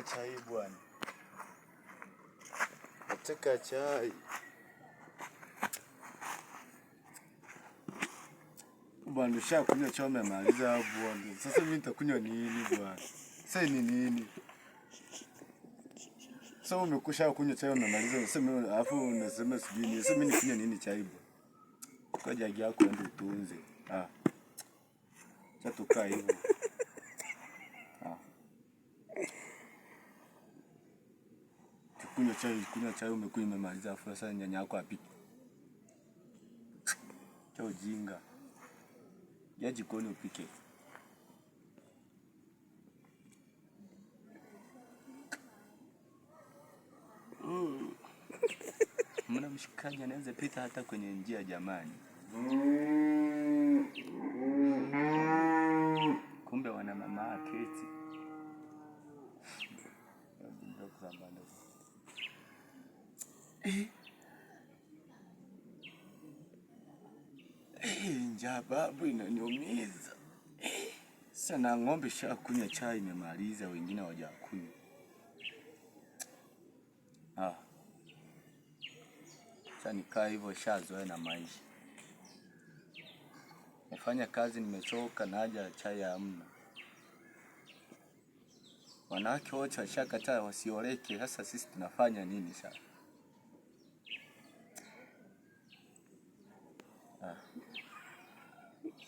Nataka chai bwana, nataka chai bwana. Ushakunywa chai, umemaliza bwana. Sasa mimi nitakunywa nini bwana? Sasa ni nini? Sasa umekusha kunywa chai, umemaliza, unasema alafu unasema sijui nini. Sasa mimi nikunywa nini chai bwana? Kwa jagi yako ndio utunze. Ah, sasa tukaa hivyo. kunywa chai, kunywa chai umekunywa imemaliza afu sasa nyanya yako apiki. Cha ujinga. Ya jikoni upike. Mm. Mna mshikaji anaweza pita hata kwenye njia jamani. Kumbe wana mama aketi. Njaa babu inaniumiza sana. Ng'ombe shakunywa chai imemaliza, wengine hawajakunywa. Ah, sasa nikaa hivyo, shazoea na maisha. Nafanya kazi, nimechoka, naja chai hamna. Wanawake wote washakataa wasioleke, sasa sisi tunafanya nini sasa?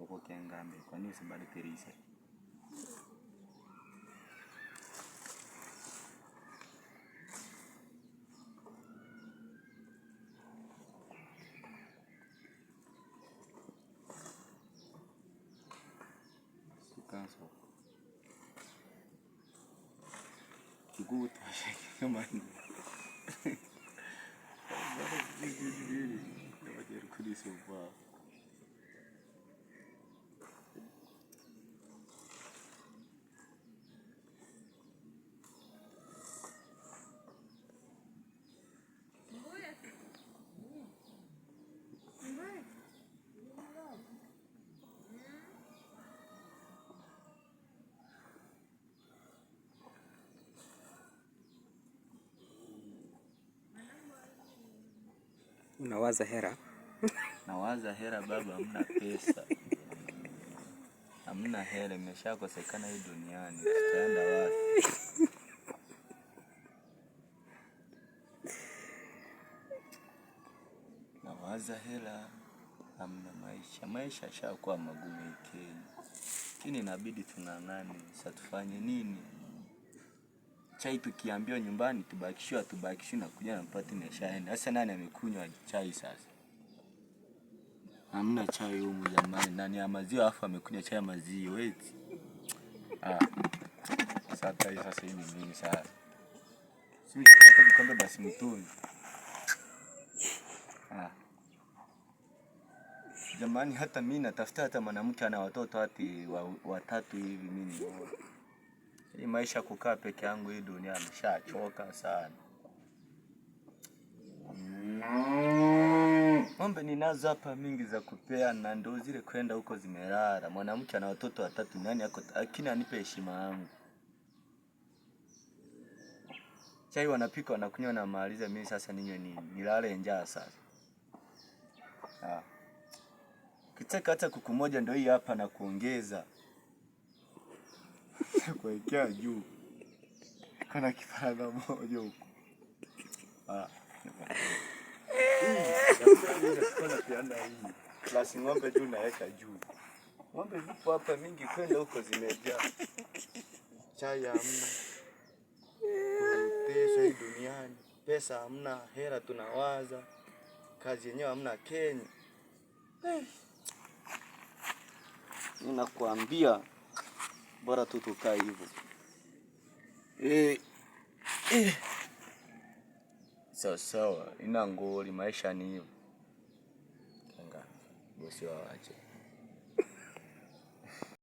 i p o k u w k i a n g a m b e kwa nini usibadili r e s a Good, i a t a r i n g Unawaza hera? Nawaza hera baba, hamna pesa. Hamna hela, imeshakosekana hii duniani. Tutaenda wapi? Nawaza hela, hamna maisha. Maisha shakuwa magumu ikeni, lakini inabidi tunang'ane. Sasa tufanye nini? chai tukiambiwa nyumbani tubakishwe atubakishwe na kuja na partner ishaenda. Sasa nani amekunywa chai sasa? Hamna chai humu jamani, nani ya maziwa afu amekunywa chai ya maziwa eti. Ah. Sasa hii sasa hii ni nini sasa? Sisi Sikuombe basi mtuni. Ah. Jamani, hata mimi natafuta hata mwanamke ana watoto hati watatu hivi mimi ni maisha kukaa peke yangu hii dunia ameshachoka sana. Ng'ombe ninazo hapa mingi za kupea na ndo zile kwenda huko zimelala. Mwanamke ana watoto watatu, nani yako akini anipe heshima yangu. Chai wanapika wanakunywa, maaliza mimi sasa ninywe nini? Nilale njaa sasa. Ah. Kitaka hata kuku moja ndo hii hapa na kuongeza. kuwekea juu kana kifaranga moja huko ah. klasi ng'ombe juu naweka juu ng'ombe zipo hapa mingi kwenda huko zimejaa chai hamna pesa duniani pesa hamna hera tunawaza kazi yenyewe hamna Kenya hey. Ninakuambia bora tu tukae hivyo eh, eh. Sawa sawa, ina ngoli, maisha ni hivyo, bosi wawache